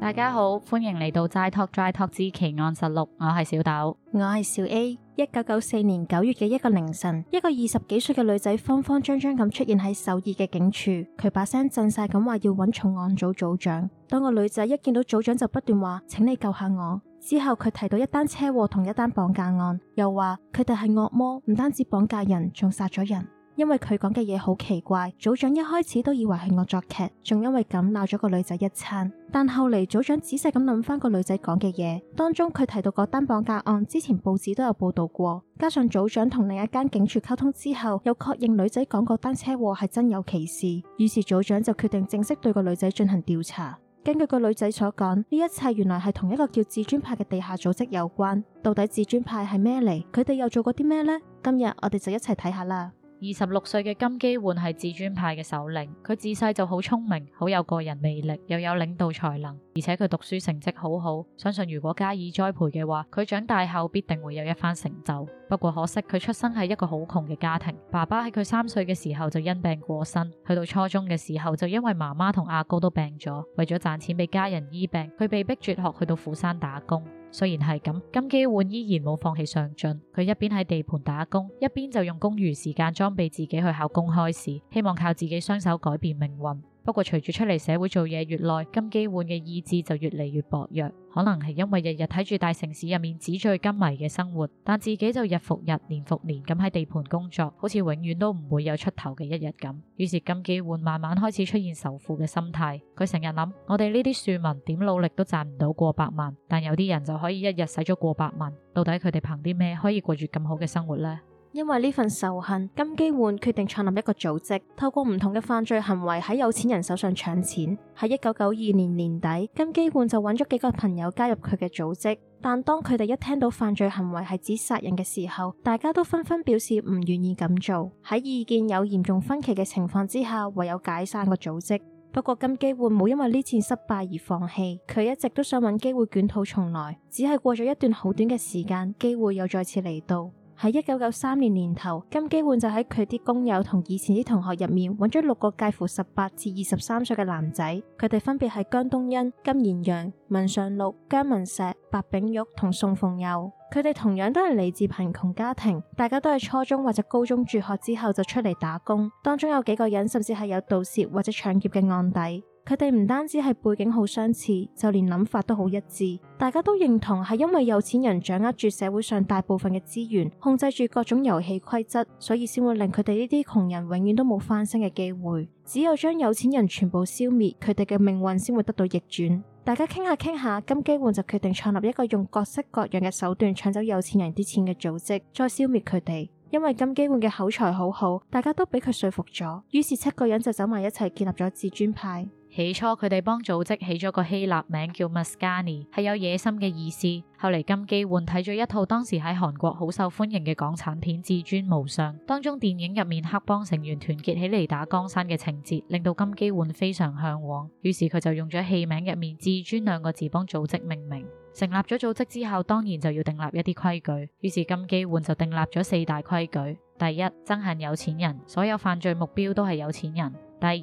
大家好，歡迎嚟到《齋托齋托之奇案實錄》，我係小豆，我係小 A。一九九四年九月嘅一個凌晨，一個二十幾歲嘅女仔慌慌張張咁出現喺首爾嘅警署，佢把聲震晒咁話要揾重案組組長。當個女仔一見到組長就不斷話，請你救下我。之後佢提到一單車禍同一單綁架案，又話佢哋係惡魔，唔單止綁架人，仲殺咗人。因為佢講嘅嘢好奇怪，組長一開始都以為係惡作劇，仲因為咁鬧咗個女仔一餐。但後嚟，組長仔細咁諗翻個女仔講嘅嘢，當中佢提到個單綁架案之前報紙都有報道過，加上組長同另一間警署溝通之後，又確認女仔講過單車禍係真有其事。於是組長就決定正式對個女仔進行調查。根據個女仔所講，呢一切原來係同一個叫至尊派嘅地下組織有關。到底至尊派係咩嚟？佢哋又做過啲咩呢？今日我哋就一齊睇下啦。二十六歲嘅金基煥係至尊派嘅首領，佢自細就好聰明，好有個人魅力，又有領導才能，而且佢讀書成績好好，相信如果加以栽培嘅話，佢長大後必定會有一番成就。不過可惜佢出生喺一個好窮嘅家庭，爸爸喺佢三歲嘅時候就因病過身，去到初中嘅時候就因為媽媽同阿哥都病咗，為咗賺錢俾家人醫病，佢被逼輟學去到釜山打工。雖然係咁，金基煥依然冇放棄上進。佢一邊喺地盤打工，一邊就用公餘時間裝備自己去考公開試，希望靠自己雙手改變命運。不過隨住出嚟社會做嘢越耐，金基煥嘅意志就越嚟越薄弱，可能係因為日日睇住大城市入面紙醉金迷嘅生活，但自己就日復日、年復年咁喺地盤工作，好似永遠都唔會有出頭嘅一日咁。於是金基煥慢慢開始出現仇富嘅心態，佢成日諗：我哋呢啲庶民點努力都賺唔到過百萬，但有啲人就可以一日使咗過百萬，到底佢哋憑啲咩可以過住咁好嘅生活呢？」因為呢份仇恨，金基煥決定創立一個組織，透過唔同嘅犯罪行為喺有錢人手上搶錢。喺一九九二年年底，金基煥就揾咗幾個朋友加入佢嘅組織，但當佢哋一聽到犯罪行為係指殺人嘅時候，大家都紛紛表示唔願意咁做。喺意見有嚴重分歧嘅情況之下，唯有解散個組織。不過金基煥冇因為呢次失敗而放棄，佢一直都想揾機會捲土重來。只係過咗一段好短嘅時間，機會又再次嚟到。喺一九九三年年頭，金基煥就喺佢啲工友同以前啲同學入面，揾咗六個介乎十八至二十三歲嘅男仔，佢哋分別係姜東欣、金賢陽、文尚祿、姜文石、白炳玉同宋鳳佑，佢哋同樣都係嚟自貧窮家庭，大家都係初中或者高中住學之後就出嚟打工，當中有幾個人甚至係有盜竊或者搶劫嘅案底。佢哋唔單止係背景好相似，就連諗法都好一致。大家都認同係因為有錢人掌握住社會上大部分嘅資源，控制住各種遊戲規則，所以先會令佢哋呢啲窮人永遠都冇翻身嘅機會。只有將有錢人全部消滅，佢哋嘅命運先會得到逆轉。大家傾下傾下，金基煥就決定創立一個用各式各樣嘅手段搶走有錢人啲錢嘅組織，再消滅佢哋。因為金基煥嘅口才好好，大家都俾佢說服咗。於是七個人就走埋一齊建立咗至尊派。起初佢哋幫組織起咗個希臘名叫 Mascani，係有野心嘅意思。後嚟，金基煥睇咗一套當時喺韓國好受歡迎嘅港產片《至尊無上》，當中電影入面黑幫成員團結起嚟打江山嘅情節，令到金基煥非常向往。於是佢就用咗戲名入面“至尊”兩個字幫組織命名。成立咗組織之後，當然就要訂立一啲規矩。於是金基煥就訂立咗四大規矩：第一，憎恨有錢人，所有犯罪目標都係有錢人。第二，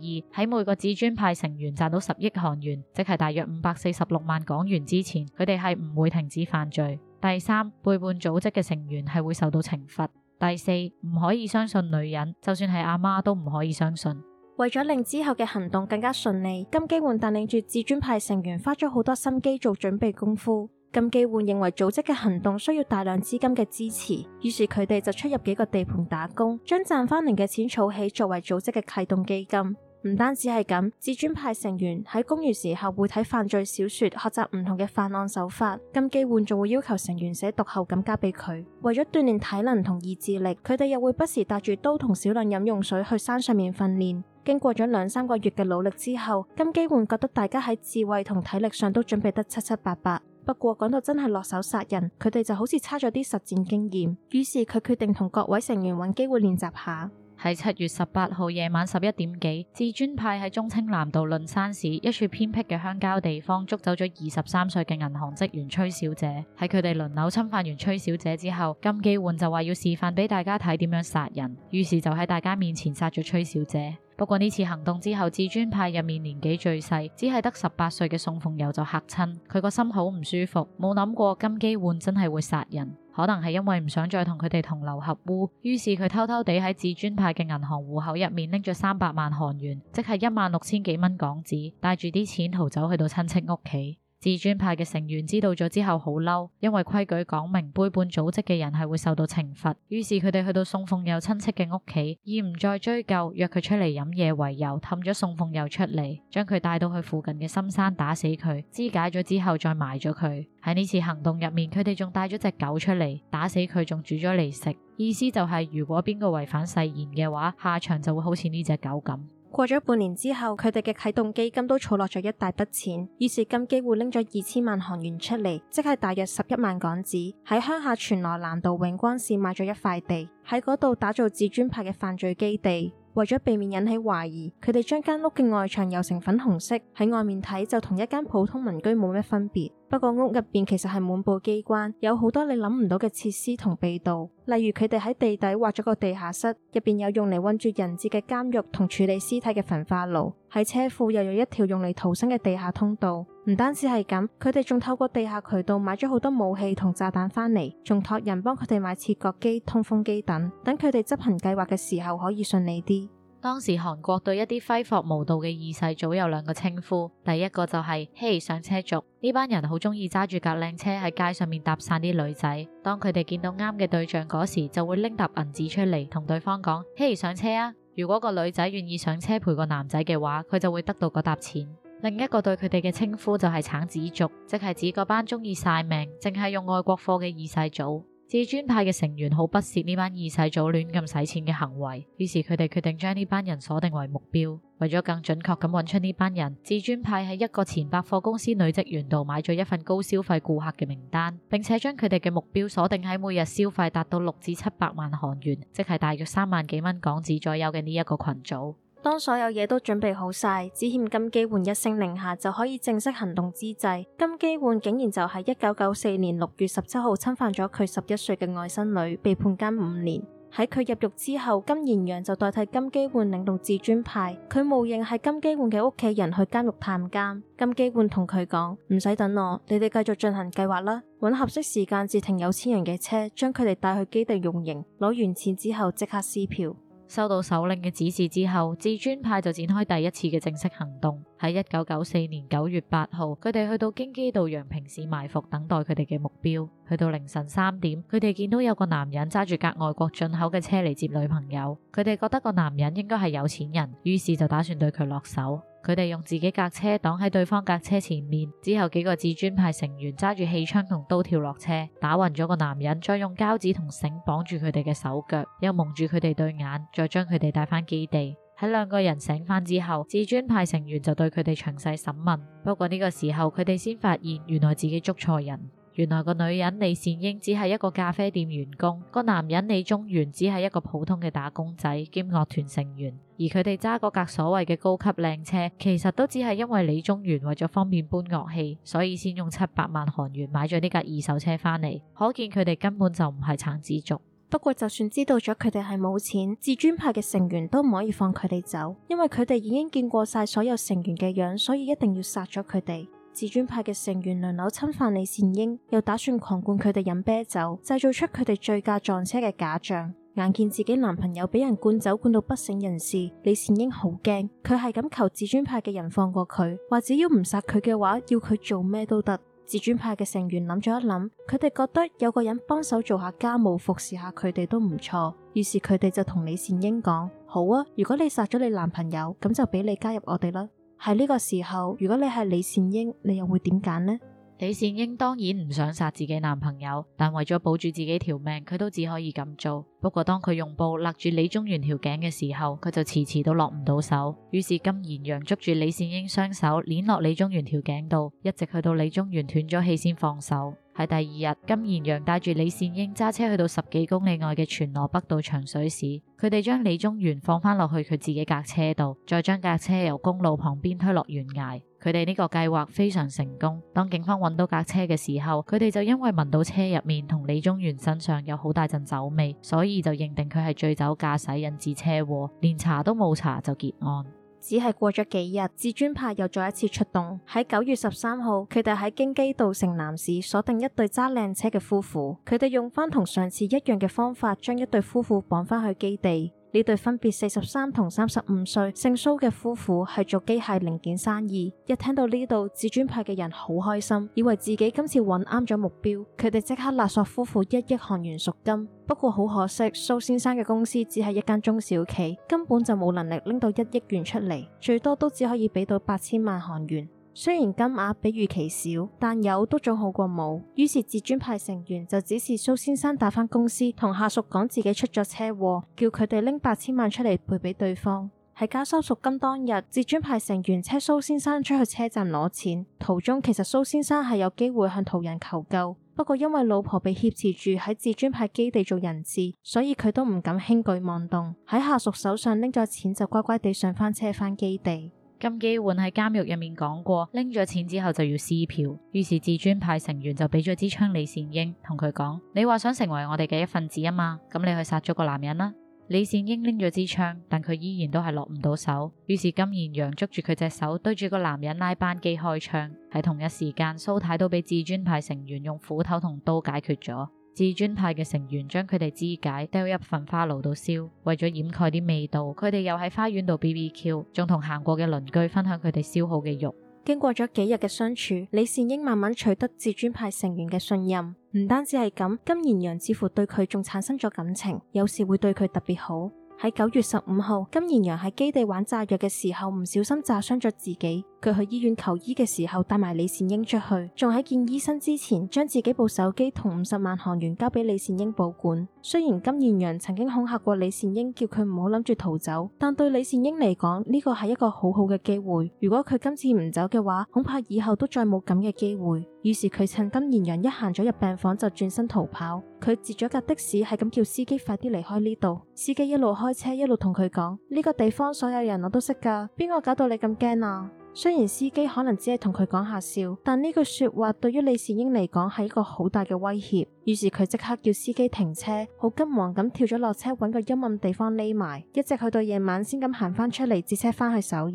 喺每個至尊派成員賺到十億韓元，即係大約五百四十六萬港元之前，佢哋係唔會停止犯罪。第三，背叛組織嘅成員係會受到懲罰。第四，唔可以相信女人，就算係阿媽都唔可以相信。為咗令之後嘅行動更加順利，金基煥帶領住至尊派成員花咗好多心機做準備功夫。金基煥認為組織嘅行動需要大量資金嘅支持，於是佢哋就出入幾個地盤打工，將賺翻嚟嘅錢儲起，作為組織嘅啟動基金。唔單止係咁，至尊派成員喺公寓時候會睇犯罪小說，學習唔同嘅犯案手法。金基煥仲會要求成員寫讀後感交俾佢。為咗鍛煉體能同意志力，佢哋又會不時帶住刀同少量飲用水去山上面訓練。經過咗兩三個月嘅努力之後，金基煥覺得大家喺智慧同體力上都準備得七七八八。不過講到真係落手殺人，佢哋就好似差咗啲實戰經驗。於是佢決定同各位成員揾機會練習下。喺七月十八號夜晚十一點幾，至尊派喺忠清南道論山市一處偏僻嘅鄉郊地方捉走咗二十三歲嘅銀行職員崔小姐。喺佢哋輪流侵犯完崔小姐之後，金基煥就話要示範俾大家睇點樣殺人，於是就喺大家面前殺咗崔小姐。不過呢次行動之後，至尊派入面年紀最細，只係得十八歲嘅宋鳳友就吓親，佢個心好唔舒服，冇諗過金基煥真係會殺人，可能係因為唔想再同佢哋同流合污，於是佢偷偷地喺至尊派嘅銀行戶口入面拎咗三百萬韓元，即係一萬六千幾蚊港紙，帶住啲錢逃走去到親戚屋企。自尊派嘅成員知道咗之後好嬲，因為規矩講明背叛組織嘅人係會受到懲罰。於是佢哋去到宋鳳佑親戚嘅屋企，以唔再追究，約佢出嚟飲嘢為由，氹咗宋鳳佑出嚟，將佢帶到去附近嘅深山打死佢，肢解咗之後再埋咗佢。喺呢次行動入面，佢哋仲帶咗隻狗出嚟，打死佢仲煮咗嚟食，意思就係如果邊個違反誓言嘅話，下場就會好似呢隻狗咁。過咗半年之後，佢哋嘅啟動基金都儲落咗一大筆錢，於是金基煥拎咗二千萬韓元出嚟，即係大約十一萬港紙，喺鄉下全羅南道永光市買咗一塊地，喺嗰度打造至尊派嘅犯罪基地。為咗避免引起懷疑，佢哋將間屋嘅外牆油成粉紅色，喺外面睇就同一間普通民居冇咩分別。不過屋入邊其實係滿布機關，有好多你諗唔到嘅設施同秘道，例如佢哋喺地底挖咗個地下室，入邊有用嚟溫住人質嘅監獄同處理屍體嘅焚化爐。喺車庫又有一條用嚟逃生嘅地下通道。唔單止係咁，佢哋仲透過地下渠道買咗好多武器同炸彈翻嚟，仲託人幫佢哋買切割機、通風機等，等佢哋執行計劃嘅時候可以順利啲。當時韓國對一啲揮霍無度嘅二世祖有兩個稱呼，第一個就係、是、嘿、hey, 上車族，呢班人好鍾意揸住架靚車喺街上面搭訕啲女仔，當佢哋見到啱嘅對象嗰時，就會拎沓銀紙出嚟同對方講嘿、hey, 上車啊！如果個女仔願意上車陪個男仔嘅話，佢就會得到個沓錢。另一個對佢哋嘅稱呼就係、是、橙子族，即係指嗰班鍾意晒命，淨係用外國貨嘅二世祖。至尊派嘅成員好不屑呢班二世祖亂咁使錢嘅行為，於是佢哋決定將呢班人鎖定為目標。為咗更準確咁揾出呢班人，至尊派喺一個前百貨公司女職員度買咗一份高消費顧客嘅名單，並且將佢哋嘅目標鎖定喺每日消費達到六至七百萬韓元，即係大約三萬幾蚊港紙左右嘅呢一個群組。當所有嘢都準備好晒，只欠金基煥一聲令下就可以正式行動之際，金基煥竟然就喺一九九四年六月十七號侵犯咗佢十一歲嘅外甥女，被判監五年。喺佢入獄之後，金賢陽就代替金基煥領導至尊派，佢冒認係金基煥嘅屋企人去監獄探監。金基煥同佢講：唔使等我，你哋繼續進行計劃啦，揾合適時間截停有錢人嘅車，將佢哋帶去基地用刑，攞完錢之後即刻撕票。收到首領嘅指示之後，至尊派就展開第一次嘅正式行動。喺一九九四年九月八號，佢哋去到京畿道楊平市埋伏，等待佢哋嘅目標。去到凌晨三點，佢哋見到有個男人揸住架外國進口嘅車嚟接女朋友，佢哋覺得個男人應該係有錢人，於是就打算對佢落手。佢哋用自己架車擋喺對方架車前面，之後幾個至尊派成員揸住氣槍同刀跳落車，打暈咗個男人，再用膠紙同繩綁住佢哋嘅手腳，又蒙住佢哋對眼，再將佢哋帶返基地。喺兩個人醒返之後，至尊派成員就對佢哋詳細審問。不過呢個時候，佢哋先發現原來自己捉錯人。原來個女人李善英只係一個咖啡店員工，個男人李宗元只係一個普通嘅打工仔兼樂團成員，而佢哋揸嗰架所謂嘅高級靚車，其實都只係因為李宗元為咗方便搬樂器，所以先用七百萬韓元買咗呢架二手車翻嚟。可見佢哋根本就唔係橙子族。不過就算知道咗佢哋係冇錢，至尊派嘅成員都唔可以放佢哋走，因為佢哋已經見過晒所有成員嘅樣，所以一定要殺咗佢哋。至尊派嘅成員輪流侵犯李善英，又打算狂灌佢哋飲啤酒，製造出佢哋醉駕撞車嘅假象。眼見自己男朋友俾人灌酒灌到不省人事，李善英好驚，佢係咁求至尊派嘅人放過佢，話只要唔殺佢嘅話，要佢做咩都得。至尊派嘅成員諗咗一諗，佢哋覺得有個人幫手做下家務，服侍下佢哋都唔錯，於是佢哋就同李善英講：好啊，如果你殺咗你男朋友，咁就俾你加入我哋啦。喺呢個時候，如果你係李善英，你又會點揀呢？李善英當然唔想殺自己男朋友，但為咗保住自己條命，佢都只可以咁做。不過當佢用布勒住李宗元條頸嘅時候，佢就遲遲都落唔到手。於是金賢陽捉住李善英雙手，捻落李宗元條頸度，一直去到李宗元斷咗氣先放手。喺第二日，金賢陽帶住李善英揸車去到十幾公里外嘅全羅北道長水市，佢哋將李宗元放翻落去佢自己架車度，再將架車由公路旁邊推落懸崖。佢哋呢個計劃非常成功。當警方揾到架車嘅時候，佢哋就因為聞到車入面同李宗元身上有好大陣酒味，所以就認定佢係醉酒駕駛，引致車禍，連查都冇查就結案。只係過咗幾日，至尊派又再一次出動。喺九月十三號，佢哋喺京畿道城南市鎖定一對揸靚車嘅夫婦，佢哋用翻同上次一樣嘅方法，將一對夫婦綁返去基地。呢對分別四十三同三十五歲姓蘇嘅夫婦係做機械零件生意。一聽到呢度，至尊派嘅人好開心，以為自己今次搵啱咗目標，佢哋即刻勒索夫婦一億韓元贖金。不過好可惜，蘇先生嘅公司只係一間中小企，根本就冇能力拎到一億元出嚟，最多都只可以俾到八千萬韓元。雖然金額比預期少，但有都仲好過冇。於是至尊派成員就指示蘇先生打翻公司，同下屬講自己出咗車禍，叫佢哋拎八千萬出嚟賠俾對方。喺交收贖金當日，至尊派成員車蘇先生出去車站攞錢，途中其實蘇先生係有機會向途人求救，不過因為老婆被挾持住喺至尊派基地做人質，所以佢都唔敢輕舉妄動。喺下屬手上拎咗錢就乖乖地上翻車翻基地。金基煥喺監獄入面講過，拎咗錢之後就要撕票。於是至尊派成員就俾咗支槍李善英，同佢講：你話想成為我哋嘅一份子啊嘛，咁你去殺咗個男人啦。李善英拎咗支槍，但佢依然都係落唔到手。於是金賢陽捉住佢隻手，對住個男人拉扳機開槍。喺同一時間，蘇太太都俾至尊派成員用斧頭同刀解決咗。自尊派嘅成員將佢哋肢解，丟入份花爐度燒，為咗掩蓋啲味道，佢哋又喺花園度 B B Q，仲同行過嘅鄰居分享佢哋燒好嘅肉。經過咗幾日嘅相處，李善英慢慢取得自尊派成員嘅信任，唔單止係咁，金賢陽似乎對佢仲產生咗感情，有時會對佢特別好。喺九月十五號，金賢陽喺基地玩炸藥嘅時候，唔小心炸傷咗自己。佢去醫院求醫嘅時候帶埋李善英出去，仲喺見醫生之前，將自己部手機同五十萬韓元交俾李善英保管。雖然金賢陽曾經恐嚇過李善英，叫佢唔好諗住逃走，但對李善英嚟講呢個係一個好好嘅機會。如果佢今次唔走嘅話，恐怕以後都再冇咁嘅機會。於是佢趁金賢陽一行咗入病房就轉身逃跑。佢截咗架的士，係咁叫司機快啲離開呢度。司機一路開車一路同佢講：呢個地方所有人我都識噶，邊個搞到你咁驚啊？雖然司機可能只係同佢講下笑，但呢句說話對於李善英嚟講係一個好大嘅威脅，於是佢即刻叫司機停車，好急忙咁跳咗落車，揾個陰暗地方匿埋，一直，直到去到夜晚先咁行返出嚟截車返去首爾。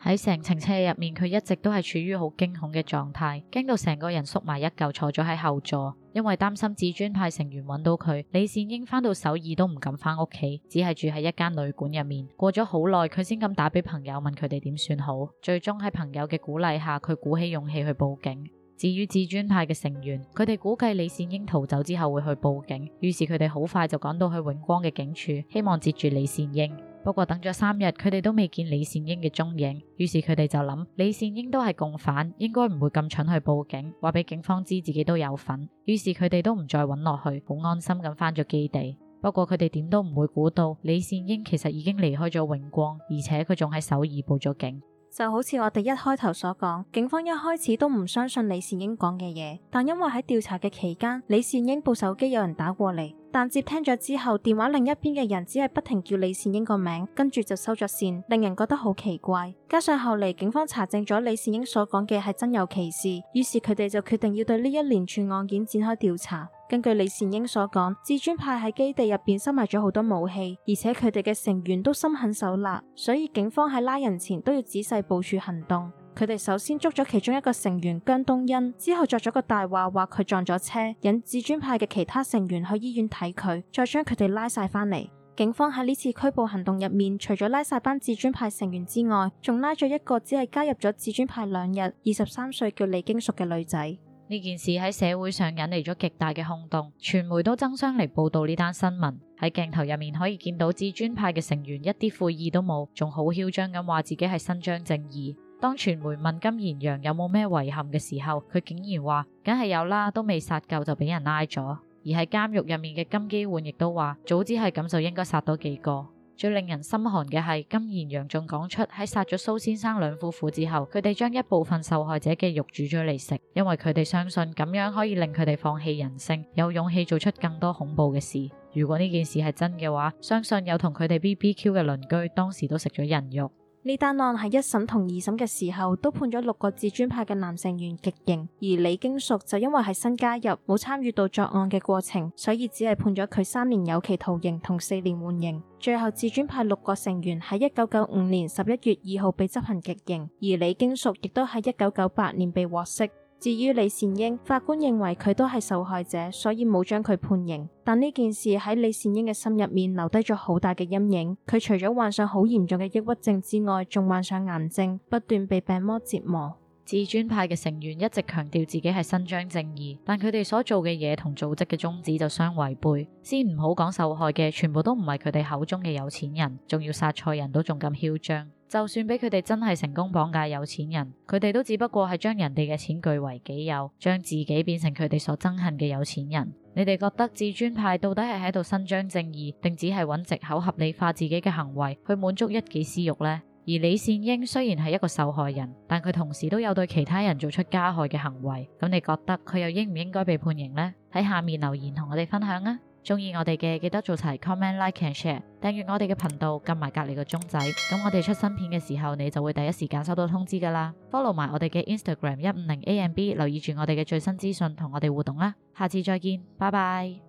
喺成程車入面，佢一直都係處於好驚恐嘅狀態，驚到成個人縮埋一嚿，坐咗喺後座。因為擔心至尊派成員揾到佢，李善英翻到首爾都唔敢翻屋企，只係住喺一間旅館入面。過咗好耐，佢先敢打俾朋友問佢哋點算好。最終喺朋友嘅鼓勵下，佢鼓起勇氣去報警。至於至尊派嘅成員，佢哋估計李善英逃走之後會去報警，於是佢哋好快就趕到去永光嘅警署，希望截住李善英。不過等咗三日，佢哋都未見李善英嘅蹤影，於是佢哋就諗，李善英都係共犯，應該唔會咁蠢去報警，話俾警方知自己都有份，於是佢哋都唔再揾落去，好安心咁返咗基地。不過佢哋點都唔會估到李善英其實已經離開咗永光，而且佢仲喺首爾報咗警。就好似我哋一開頭所講，警方一開始都唔相信李善英講嘅嘢，但因為喺調查嘅期間，李善英部手機有人打過嚟，但接聽咗之後，電話另一邊嘅人只係不停叫李善英個名，跟住就收咗線，令人覺得好奇怪。加上後嚟警方查證咗李善英所講嘅係真有其事，於是佢哋就決定要對呢一連串案件展開調查。根據李善英所講，至尊派喺基地入邊收埋咗好多武器，而且佢哋嘅成員都心狠手辣，所以警方喺拉人前都要仔細部署行動。佢哋首先捉咗其中一個成員姜東恩，之後作咗個大話，話佢撞咗車，引至尊派嘅其他成員去醫院睇佢，再將佢哋拉晒翻嚟。警方喺呢次拘捕行動入面，除咗拉晒班至尊派成員之外，仲拉咗一個只係加入咗至尊派兩日、二十三歲叫李京淑嘅女仔。呢件事喺社會上引嚟咗極大嘅轟動，傳媒都爭相嚟報道呢單新聞。喺鏡頭入面可以見到至尊派嘅成員一啲悔意都冇，仲好囂張咁話自己係伸張正義。當傳媒問金賢陽有冇咩遺憾嘅時候，佢竟然話：「梗係有啦，都未殺夠就俾人拉咗」。而喺監獄入面嘅金基煥亦都話：「早知係咁就應該殺多幾個」。最令人心寒嘅係，金賢陽仲講出，喺殺咗蘇先生兩夫婦之後，佢哋將一部分受害者嘅肉煮咗嚟食，因為佢哋相信咁樣可以令佢哋放棄人性，有勇氣做出更多恐怖嘅事。如果呢件事係真嘅話，相信有同佢哋 BBQ 嘅鄰居當時都食咗人肉。呢單案喺一審同二審嘅時候都判咗六個至尊派嘅男成員極刑，而李京淑就因為係新加入，冇參與到作案嘅過程，所以只係判咗佢三年有期徒刑同四年緩刑。最後，至尊派六個成員喺一九九五年十一月二號被執行極刑，而李京淑亦都喺一九九八年被獲釋。至於李善英，法官認為佢都係受害者，所以冇將佢判刑。但呢件事喺李善英嘅心入面留低咗好大嘅陰影。佢除咗患上好嚴重嘅抑鬱症之外，仲患上癌症，不斷被病魔折磨。至尊派嘅成員一直強調自己係伸張正義，但佢哋所做嘅嘢同組織嘅宗旨就相違背。先唔好講受害嘅全部都唔係佢哋口中嘅有錢人，仲要殺錯人都仲咁囂張。就算俾佢哋真係成功綁架有錢人，佢哋都只不過係將人哋嘅錢據為己有，將自己變成佢哋所憎恨嘅有錢人。你哋覺得至尊派到底係喺度伸張正義，定只係揾藉口合理化自己嘅行為，去滿足一己私慾呢？而李善英雖然係一個受害人，但佢同時都有對其他人做出加害嘅行為。咁你覺得佢又應唔應該被判刑呢？喺下面留言同我哋分享啊！鍾意我哋嘅記得做齊 comment、like and share，訂閱我哋嘅頻道，撳埋隔籬個鐘仔。咁我哋出新片嘅時候，你就會第一時間收到通知噶啦。follow 埋我哋嘅 Instagram 一五零 A M B，留意住我哋嘅最新資訊，同我哋互動啦！下次再見，拜拜。